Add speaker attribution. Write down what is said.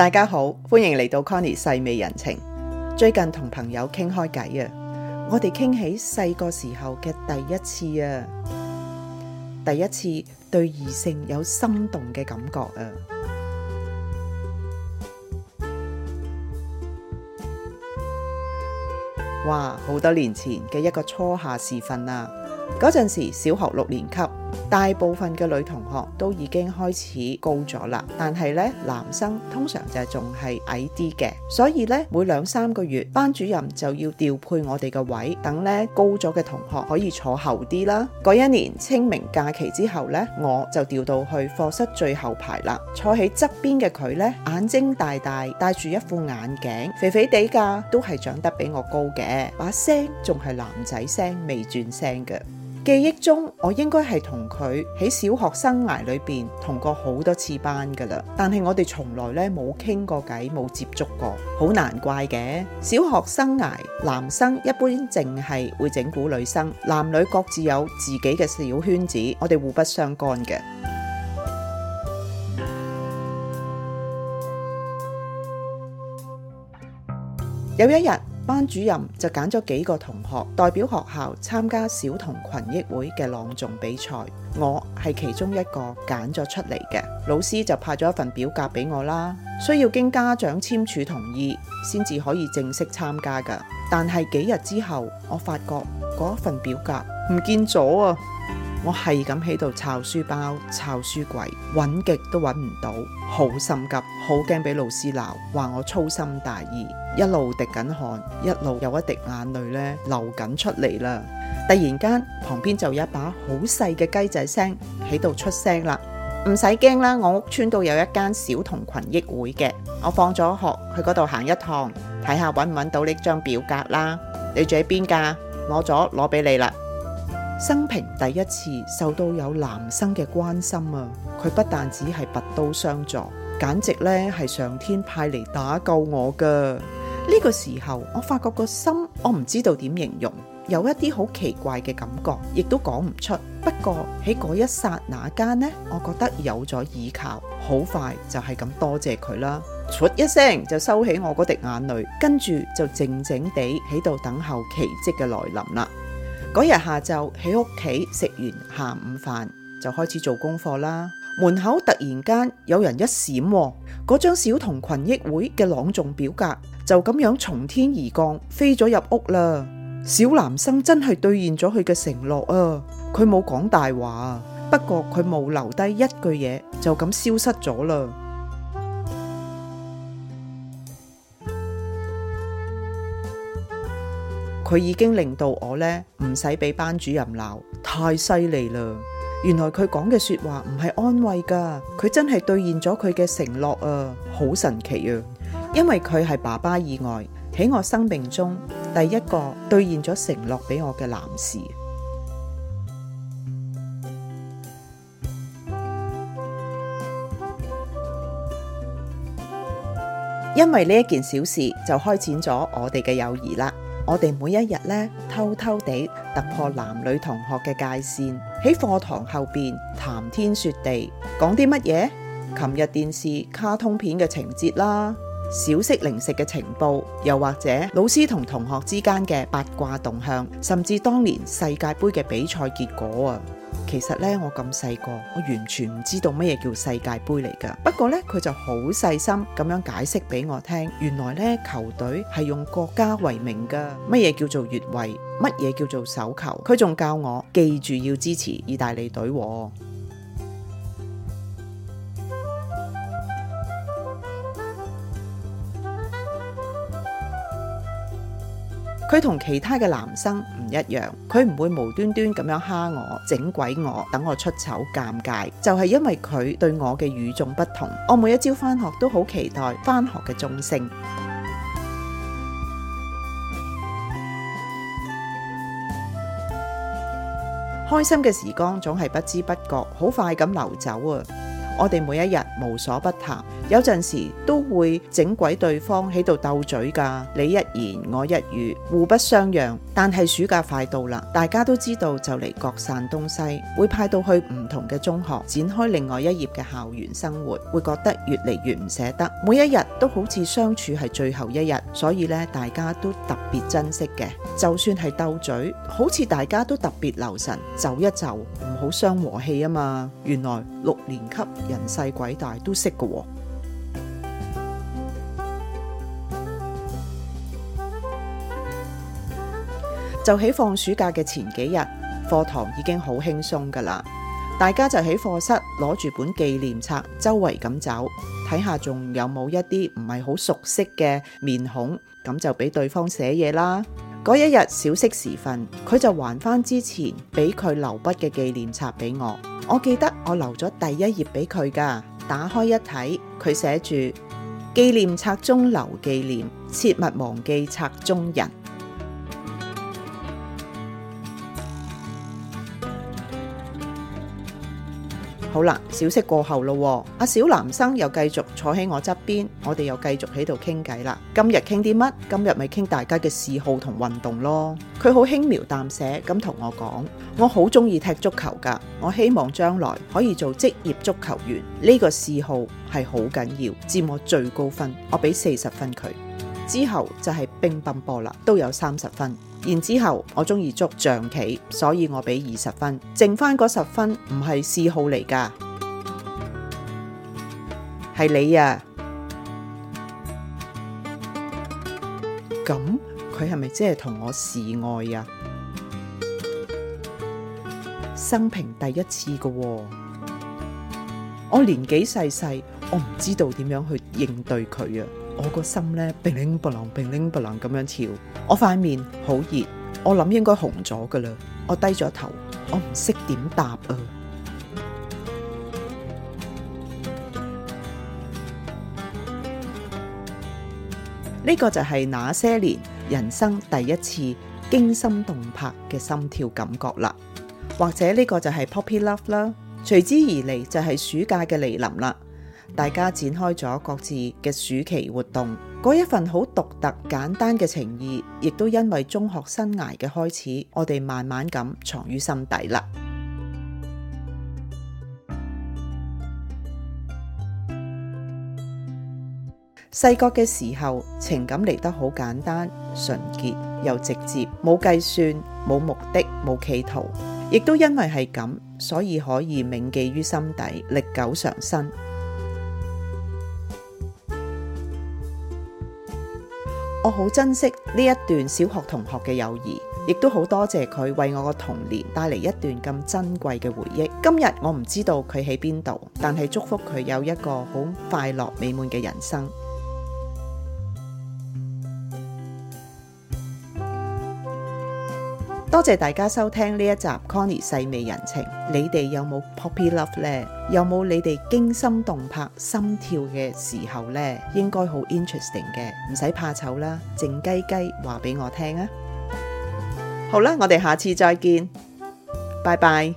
Speaker 1: 大家好，歡迎嚟到 Conny 細味人情。最近同朋友傾開偈啊，我哋傾起細個時候嘅第一次啊，第一次對異性有心動嘅感覺啊。哇，好多年前嘅一個初夏時分啊，嗰陣時小學六年級。大部分嘅女同學都已經開始高咗啦，但係呢，男生通常就係仲係矮啲嘅，所以呢，每兩三個月班主任就要調配我哋嘅位，等呢，高咗嘅同學可以坐後啲啦。嗰一年清明假期之後呢，我就調到去課室最後排啦，坐喺側邊嘅佢呢，眼睛大大，戴住一副眼鏡，肥肥地㗎，都係長得比我高嘅，把聲仲係男仔聲，未轉聲嘅。記憶中，我應該係同佢喺小學生涯裏邊同過好多次班㗎喇，但係我哋從來咧冇傾過偈，冇接觸過，好難怪嘅。小學生涯，男生一般淨係會整蠱女生，男女各自有自己嘅小圈子，我哋互不相干嘅。有一日。班主任就揀咗幾個同學代表學校參加小童群益會嘅朗誦比賽，我係其中一個揀咗出嚟嘅。老師就派咗一份表格俾我啦，需要經家長簽署同意先至可以正式參加噶。但係幾日之後，我發覺嗰份表格唔見咗啊！我係咁喺度抄書包、抄書櫃，揾極都揾唔到，好心急，好驚俾老師鬧，話我粗心大意，一路滴緊汗，一路有一滴眼淚咧流緊出嚟啦。突然間，旁邊就有一把好細嘅雞仔聲喺度出聲啦。唔使驚啦，我屋村度有一間小童群益會嘅，我放咗學去嗰度行一趟，睇下揾唔揾到呢張表格啦。你住喺邊噶？攞咗攞俾你啦。生平第一次受到有男生嘅關心啊！佢不但只係拔刀相助，簡直咧係上天派嚟打救我㗎。呢、這個時候，我發覺個心，我唔知道點形容，有一啲好奇怪嘅感覺，亦都講唔出。不過喺嗰一剎那間呢，我覺得有咗依靠，好快就係咁多謝佢啦！出一聲就收起我嗰滴眼淚，跟住就靜靜地喺度等候奇蹟嘅來臨啦。嗰日下晝喺屋企食完下午飯，就開始做功課啦。門口突然間有人一閃喎，嗰張小童群益會嘅朗誦表格就咁樣從天而降飛咗入屋啦。小男生真係兌現咗佢嘅承諾啊！佢冇講大話啊，不過佢冇留低一句嘢就咁消失咗啦。佢已經令到我呢，唔使俾班主任鬧，太犀利啦！原來佢講嘅說話唔係安慰噶佢真係兌現咗佢嘅承諾啊，好神奇啊！因為佢係爸爸以外喺我生命中第一個兌現咗承諾俾我嘅男士，因為呢一件小事就開展咗我哋嘅友誼啦。我哋每一日咧，偷偷地突破男女同學嘅界線，喺課堂後邊談天說地，講啲乜嘢？琴日電視卡通片嘅情節啦，小食零食嘅情報，又或者老師同同學之間嘅八卦動向，甚至當年世界盃嘅比賽結果啊！其實呢，我咁細個，我完全唔知道咩嘢叫世界杯嚟㗎。不過呢，佢就好細心咁樣解釋俾我聽。原來呢，球隊係用國家為名㗎，乜嘢叫做越位，乜嘢叫做手球。佢仲教我記住要支持意大利隊喎。佢同其他嘅男生唔一樣，佢唔會無端端咁樣蝦我、整鬼我、等我出醜、尷尬，就係、是、因為佢對我嘅與眾不同。我每一朝返學都好期待返學嘅鐘聲，開心嘅時光總係不知不覺，好快咁流走啊！我哋每一日無所不談。有陣時候都會整鬼對方喺度鬥嘴噶，你一言我一語，互不相讓。但係暑假快到喇，大家都知道就嚟各散東西，會派到去唔同嘅中學展開另外一頁嘅校園生活，會覺得越嚟越唔捨得，每一日都好似相處係最後一日，所以呢大家都特別珍惜嘅。就算係鬥嘴，好似大家都特別留神，走一走，唔好傷和氣啊嘛。原來六年級人細鬼大都識噶。就喺放暑假嘅前幾日，課堂已經好輕鬆噶啦。大家就喺課室攞住本紀念冊，周圍咁走，睇下仲有冇一啲唔係好熟悉嘅面孔，咁就俾對方寫嘢啦。嗰一日小息時分，佢就還返之前俾佢留筆嘅紀念冊俾我。我記得我留咗第一頁俾佢噶，打開一睇，佢寫住紀念冊中留紀念，切勿忘記冊中人。好啦，小息過後咯，阿小男生又繼續坐喺我側邊，我哋又繼續喺度傾偈喇。今日傾啲乜？今日咪傾大家嘅嗜好同運動咯。佢好輕描淡寫咁同我講，我好鍾意踢足球㗎，我希望將來可以做職業足球員。呢、這個嗜好係好緊要，佔我最高分，我俾四十分佢。之後就係乒乓波啦，都有三十分。然之後我中意捉象棋，所以我俾二十分，剩翻嗰十分唔係嗜好嚟噶，係你呀、啊。咁佢係咪即係同我示愛呀、啊？生平第一次噶，我年紀細細，我唔知道點樣去應對佢啊！我個心咧，乒鈴不啷，乒鈴不啷咁樣跳。我塊面好熱，我諗應該紅咗噶啦。我低咗頭，我唔識點答啊。呢個就係那些年人生第一次驚心動魄嘅心跳感覺啦。或者呢個就係 Puppy Love 啦。隨之而嚟就係暑假嘅嚟臨啦。大家展開咗各自嘅暑期活動，嗰一份好獨特簡單嘅情意，亦都因為中學生涯嘅開始，我哋慢慢咁藏於心底啦。 細個嘅時候，情感嚟得好簡單、純潔又直接，冇計算、冇目的、冇企圖，亦都因為係咁，所以可以銘記於心底，歷久常新。我好珍惜呢一段小學同學嘅友誼，亦都好多謝佢為我個童年帶嚟一段咁珍貴嘅回憶。今日我唔知道佢喺邊度，但係祝福佢有一個好快樂美滿嘅人生。多謝大家收聽呢一集 Connie 細微人情，你哋有冇 puppy love 呢？有冇你哋驚心動魄心跳嘅時候呢？應該好 interesting 嘅，唔使怕醜啦，靜雞雞話俾我聽啊！好啦，我哋下次再見，拜拜。